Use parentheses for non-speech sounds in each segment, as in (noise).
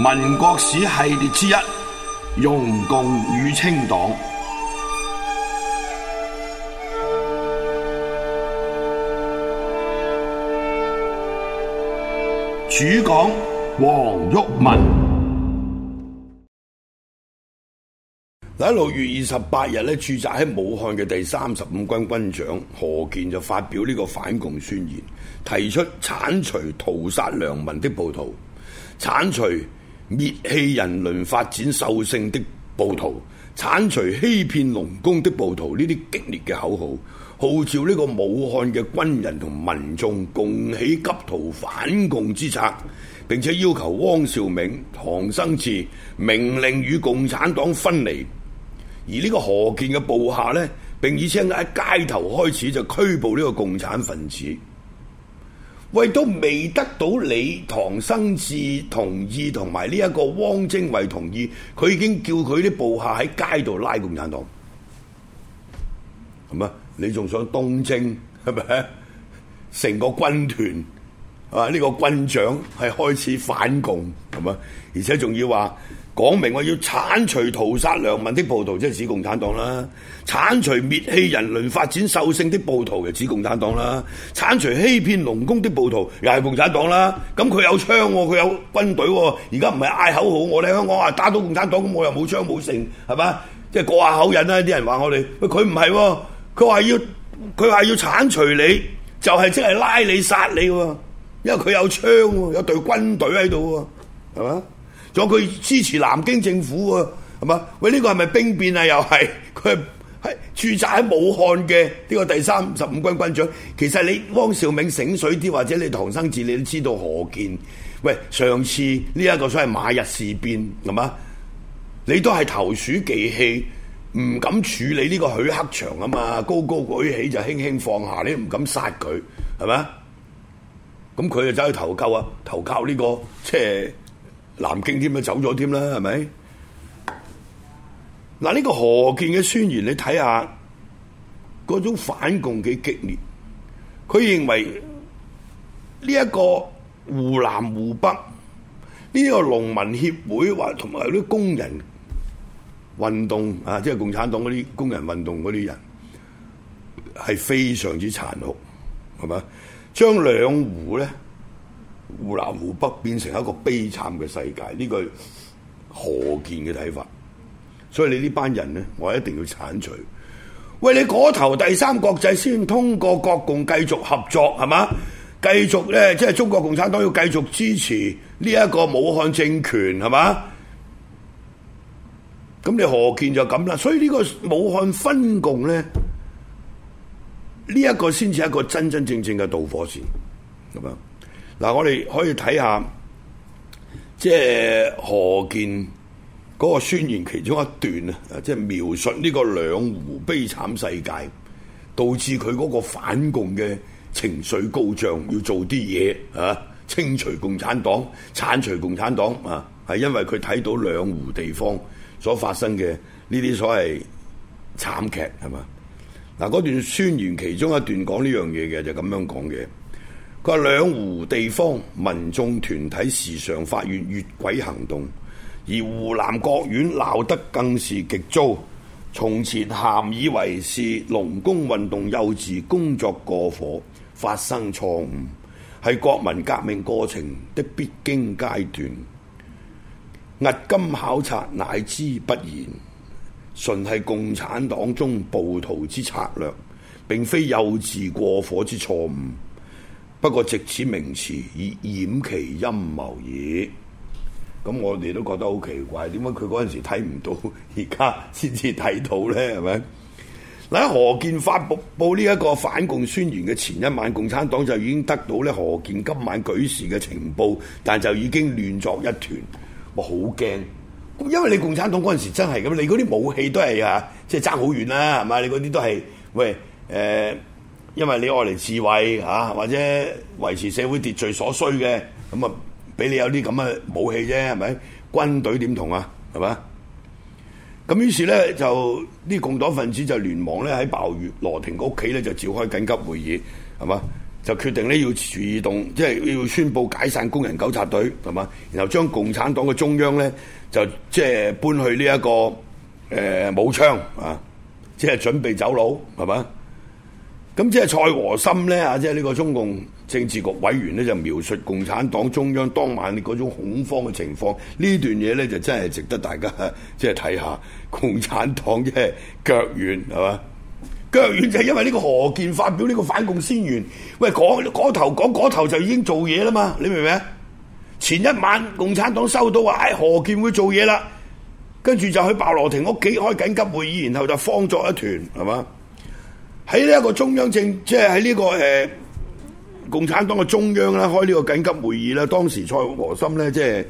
民國史系列之一，容共與清黨。主講黃毓民。六月二十八日咧，駐紮喺武漢嘅第三十五軍軍長何鍵就發表呢個反共宣言，提出鏟除屠殺良民的暴徒，鏟除，滅棄人倫、發展獸性的暴徒，鏟除欺騙農工的暴徒，呢啲激烈嘅口號，號召呢個武漢嘅軍人同民眾共起急圖反共之策，並且要求汪兆銘、唐生智命令與共產黨分離。而呢個何鍵嘅部下呢，並已經喺街頭開始就拘捕呢個共產分子。為到未得到李唐生智同意同埋呢一個汪精衛同意，佢已經叫佢啲部下喺街度拉共產黨，係咪？你仲想東征係咪？成個軍團係嘛？呢個軍長係開始反共，係嘛？而且仲要話。講明我要鏟除屠殺良民的暴徒，即係指共產黨啦；鏟除滅棄人類發展獸性的暴徒，又指共產黨啦；鏟除欺騙農工的暴徒，又係共產黨啦。咁佢有槍、啊，佢有軍隊、啊。而家唔係嗌口號，我哋香港話打倒共產黨，咁我又冇槍冇剩，係嘛？即係過下口癮啦、啊。啲人話我哋佢唔係，佢話、啊、要佢話要鏟除你，就係即係拉你殺你、啊，因為佢有槍、啊，有隊軍隊喺度，係嘛？仲有佢支持南京政府喎、啊，係嘛？喂，呢、這個係咪兵變啊？又係佢係駐紮喺武漢嘅呢、這個第三十五軍軍長。其實你汪兆銘醒水啲，或者你唐生智，你都知道何健。喂，上次呢一個所謂馬日事變係嘛？你都係投鼠忌器，唔敢處理呢個許克祥啊嘛，高高舉起就輕輕放下，你唔敢殺佢係嘛？咁佢就走去投靠啊，投靠呢、這個即係。南京添咪走咗添啦，係咪？嗱，呢個何健嘅宣言，你睇下，嗰種反共幾激烈？佢認為呢一個湖南湖北呢個農民協會，或同埋啲工人運動啊，即係共產黨嗰啲工人運動嗰啲人，係非常之殘酷，係嘛？將兩湖咧。湖南湖北變成一個悲慘嘅世界，呢個何建嘅睇法。所以你呢班人呢，我一定要鏟除。喂，你嗰頭第三國際先通過國共繼續合作係嘛？繼續咧，即係中國共產黨要繼續支持呢一個武漢政權係嘛？咁你何建就咁啦，所以呢個武漢分共呢，呢一個先至係一個真真正正嘅導火線，咁樣。嗱、啊，我哋可以睇下，即係何健嗰個宣言其中一段啊，即係描述呢個兩湖悲慘世界，導致佢嗰個反共嘅情緒高漲，要做啲嘢嚇，清除共產黨，鏟除共產黨啊，係因為佢睇到兩湖地方所發生嘅呢啲所謂慘劇係嘛？嗱，嗰段宣言其中一段講呢樣嘢嘅就咁樣講嘅。佢兩湖地方民眾團體時常發現越，越軌行動，而湖南各縣鬧得更是極糟。從前咸以為是農工運動幼稚工作過火發生錯誤，係國民革命過程的必經階段。握今考察乃知不然，純係共產黨中暴徒之策略，並非幼稚過火之錯誤。不過藉此名詞以掩其陰謀耳，咁我哋都覺得好奇怪，點解佢嗰陣時睇唔到，而家先至睇到呢？係咪？嗱，何建發報報呢一個反共宣言嘅前一晚，共產黨就已經得到呢何建今晚舉事嘅情報，但就已經亂作一團，我好驚。因為你共產黨嗰陣時真係咁，你嗰啲武器都係啊，即係爭好遠啦，係咪？你嗰啲都係喂誒。呃因為你愛嚟自衛吓，或者維持社會秩序所需嘅，咁啊俾你有啲咁嘅武器啫，係咪？軍隊點同啊，係嘛？咁於是咧就啲共黨分子就連忙咧喺鮑月羅廷屋企咧就召開緊急會議，係嘛？就決定咧要自動即係、就是、要宣布解散工人糾察隊，係嘛？然後將共產黨嘅中央咧就即係搬去呢、這、一個誒、呃、武昌啊，即係、就是、準備走佬，係嘛？咁即係蔡和森咧啊！即係呢個中共政治局委員咧，就描述共產黨中央當晚嗰種恐慌嘅情況。呢段嘢咧就真係值得大家即係睇下，共產黨即係腳軟，係嘛？腳軟就係因為呢個何健發表呢個反共宣言。喂，嗰頭講嗰頭就已經做嘢啦嘛？你明唔明？前一晚共產黨收到話，誒、哎、何健會做嘢啦，跟住就去鮑羅廷屋企開緊急會議，然後就慌作一團，係嘛？喺呢一個中央政，即係喺呢個誒、呃、共產黨嘅中央啦，開呢個緊急會議啦。當時蔡和森咧，即係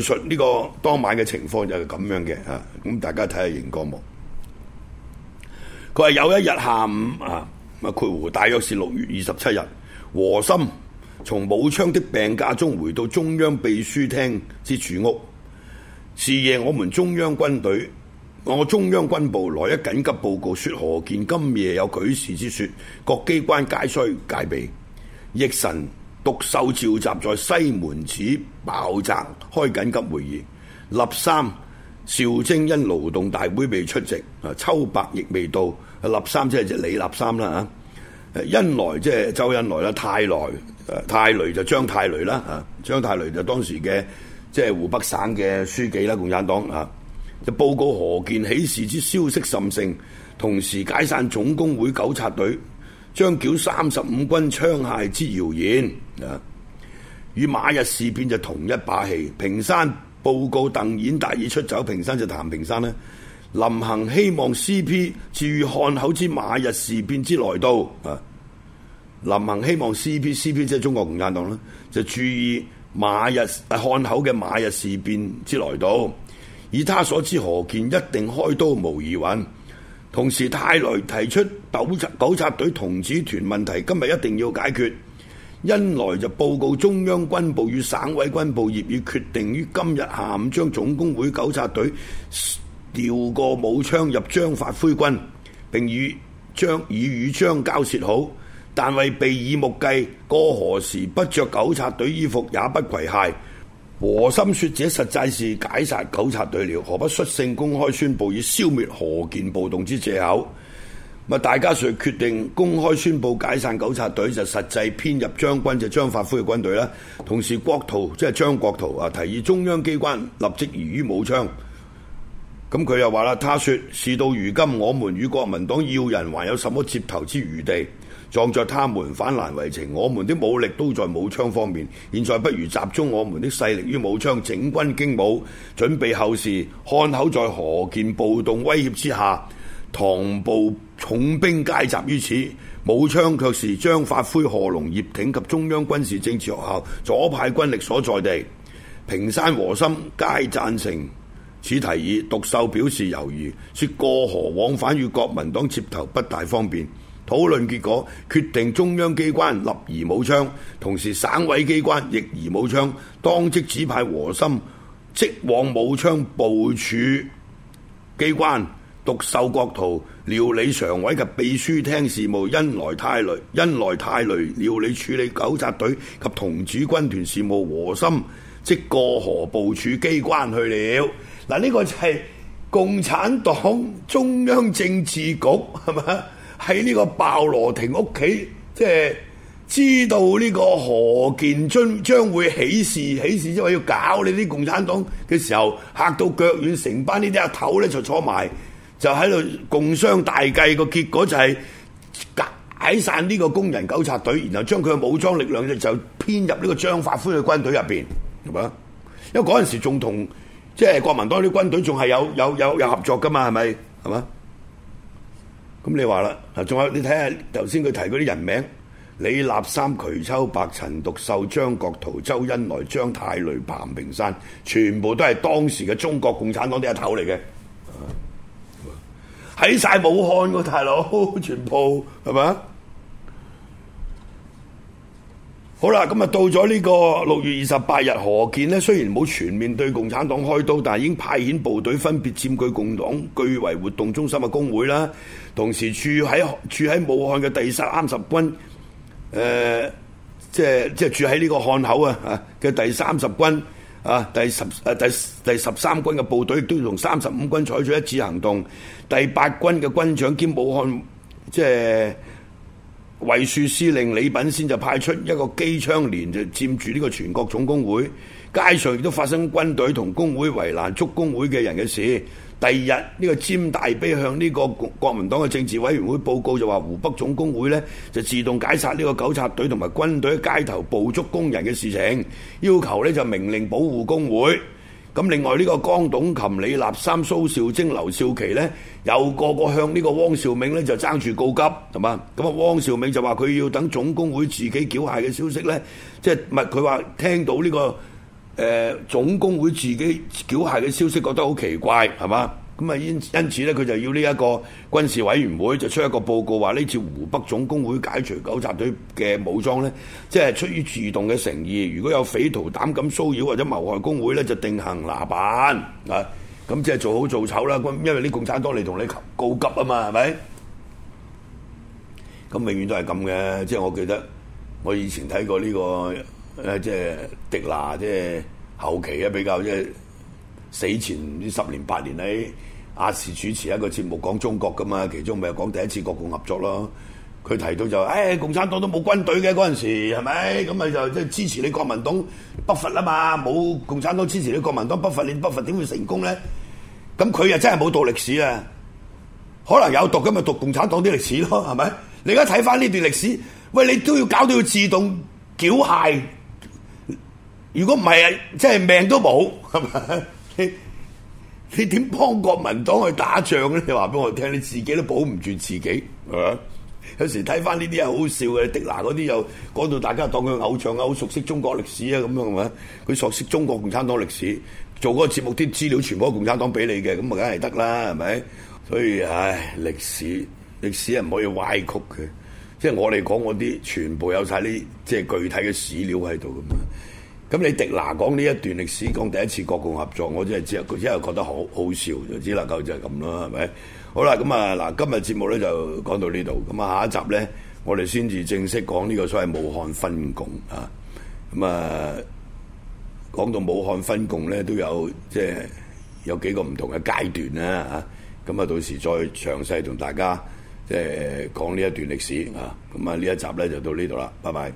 敘述呢個當晚嘅情況就係咁樣嘅吓。咁、啊、大家睇下熒光幕，佢話有一日下午啊，啊括弧大約是六月二十七日，和森從武昌的病假中回到中央秘書廳之住屋，是夜我們中央軍隊。我中央軍部來一緊急報告，說何鍵今夜有舉事之說，各機關皆需戒備。翌晨獨秀召集在西門子爆炸開緊急會議。立三、兆徵因勞動大會未出席，啊，秋白亦未到。立三即係只李立三啦，啊，恩來即係周恩來啦，泰來、太雷就張太雷啦，啊，張太雷就當時嘅即係湖北省嘅書記啦，共產黨啊。就報告何健起事之消息甚盛，同時解散總工會糾察隊，將繳三十五軍槍械之謠言啊，與馬日事變就同一把戲。平山報告鄧演達已出走，平山就譚平山咧。林恒希望 C P 注意漢口之馬日事變之來到啊，林恒希望 C P C P 即係中國共產黨咧，就注意馬日啊漢口嘅馬日事變之來到。啊以他所知何，何鍵一定開刀無疑穩，同時太雷提出糾察隊隊童子團問題，今日一定要解決，恩來就報告中央軍部與省委軍部，業已決定於今日下午將總工會糾察隊調過武昌入張發奎軍，並與張已與張交涉好，但為避耳目計，過河時不着糾察隊衣服，也不攜械。和心說：這實際是解散糾察隊了，何不率性公開宣布以消滅何健暴動之借口？大家遂決定公開宣布解散糾察隊，就實際編入張軍，就是、張發奎嘅軍隊，同時國，國燾即係張國燾啊，提議中央機關立即移於武昌。咁佢又話啦：，他說，事到如今，我們與國民黨要人還有什麼接頭之餘地？撞在他們反難為情，我們的武力都在武昌方面。現在不如集中我們的勢力於武昌，整軍經武，準備後事。漢口在何健暴動威脅之下，唐部重兵皆集於此，武昌卻是張發奎賀龍葉挺及中央軍事政治學校左派軍力所在地。平山和心皆贊成此提議，獨秀表示猶豫，說過河往返與國民黨接頭不大方便。討論結果決定中央機關立而武昌，同時省委機關亦而武昌，當即指派和森即往武昌部署機關，獨秀國燾，料理常委及秘書廳事務，恩來泰雷，恩來泰雷，料理處理糾察隊及同主軍團事務，和森即過河部署機關去了。嗱，呢個就係共產黨中央政治局係咪？喺呢個鮑羅廷屋企，即係知道呢個何鍵將會起事，起事，因為要搞你啲共產黨嘅時候，吓到腳軟，成班呢啲阿頭咧就坐埋，就喺度共商大計。個結果就係解散呢個工人糾察隊，然後將佢嘅武裝力量咧就編入呢個張發奎嘅軍隊入邊，係嘛？因為嗰陣時仲同即係國民黨啲軍隊仲係有有有有合作噶嘛，係咪？係嘛？咁你話啦，嗱，仲有你睇下頭先佢提嗰啲人名，李立三、瞿秋白、陳獨秀、張國燾、周恩來、張太雷、彭平山，全部都係當時嘅中國共產黨啲阿頭嚟嘅，喺晒 (laughs) 武漢個大佬，全部係咪？好啦，咁啊到咗呢個六月二十八日，何鍵呢，雖然冇全面對共產黨開刀，但係已經派遣部隊分別佔據共黨據為活動中心嘅工會啦。同時，駐喺駐喺武漢嘅第三十軍，誒、呃，即係即係駐喺呢個漢口啊嘅，啊、第三十軍啊，第十誒、啊、第第十三軍嘅部隊都同三十五軍採取一致行動。第八軍嘅軍長兼武漢即係。就是衛戍司令李品仙就派出一個機槍連就佔住呢個全國總工會，街上亦都發生軍隊同工會為難，捉工會嘅人嘅事。第二日呢、這個詹大悲向呢個國民黨嘅政治委員會報告就話湖北總工會呢就自動解散呢個糾察隊同埋軍隊喺街頭捕捉工人嘅事情，要求呢就命令保護工會。咁另外呢個江董琴、李立三、蘇少卿、劉少奇呢，又個個向呢個汪兆銘呢就爭住告急，係嘛？咁啊汪兆銘就話佢要等總工會自己繳械嘅消息呢，即係唔係佢話聽到呢、呢個誒、呃、總工會自己繳械嘅消息，覺得好奇怪係嘛？咁啊，因因此咧，佢就要呢一個軍事委員會就出一個報告，話呢次湖北總工會解除糾察隊嘅武裝咧，即係出於自動嘅誠意。如果有匪徒膽敢騷擾或者謀害工會咧，就定行拿辦啊！咁即係做好做醜啦，咁因為啲共產黨嚟同你告急啊嘛，係咪？咁永遠都係咁嘅，即係我記得我以前睇過呢、這個，誒即係迪娜，即係後期咧比較即係。死前呢十年八年咧，亞視主持一個節目講中國噶嘛，其中咪講第一次國共合作咯。佢提到就誒、哎，共產黨都冇軍隊嘅嗰陣時，係咪咁咪就即係支持你國民黨北伐啊嘛？冇共產黨支持你國民黨北伐，你北伐點會成功咧？咁佢又真係冇讀歷史啊？可能有讀，咁咪讀共產黨啲歷史咯，係咪？你而家睇翻呢段歷史，喂，你都要搞到要自動繳械。如果唔係，即係命都冇，係咪？你你點幫國民黨去打仗咧？你話俾我聽，你自己都保唔住自己，係咪？ (music) (music) 有時睇翻呢啲係好笑嘅，迪娜嗰啲又講到大家當佢偶像啊，好熟悉中國歷史啊，咁樣係咪？佢熟悉中國共產黨歷史，做嗰個節目啲資料全部共產黨俾你嘅，咁啊，梗係得啦，係咪？所以唉，歷史歷史係唔可以歪曲嘅，即係我哋講嗰啲全部有晒啲即係具體嘅史料喺度噶嘛。咁你迪拿講呢一段歷史講第一次國共合作，我真係只係只係覺得好好笑，就只能夠就係咁啦，係咪？好啦，咁啊嗱，今日節目咧就講到呢度，咁啊下一集咧，我哋先至正式講呢個所謂武漢分共啊，咁啊講到武漢分共咧都有即係有幾個唔同嘅階段啦嚇，咁啊到時再詳細同大家即係講呢一段歷史啊，咁啊呢一集咧就到呢度啦，拜拜。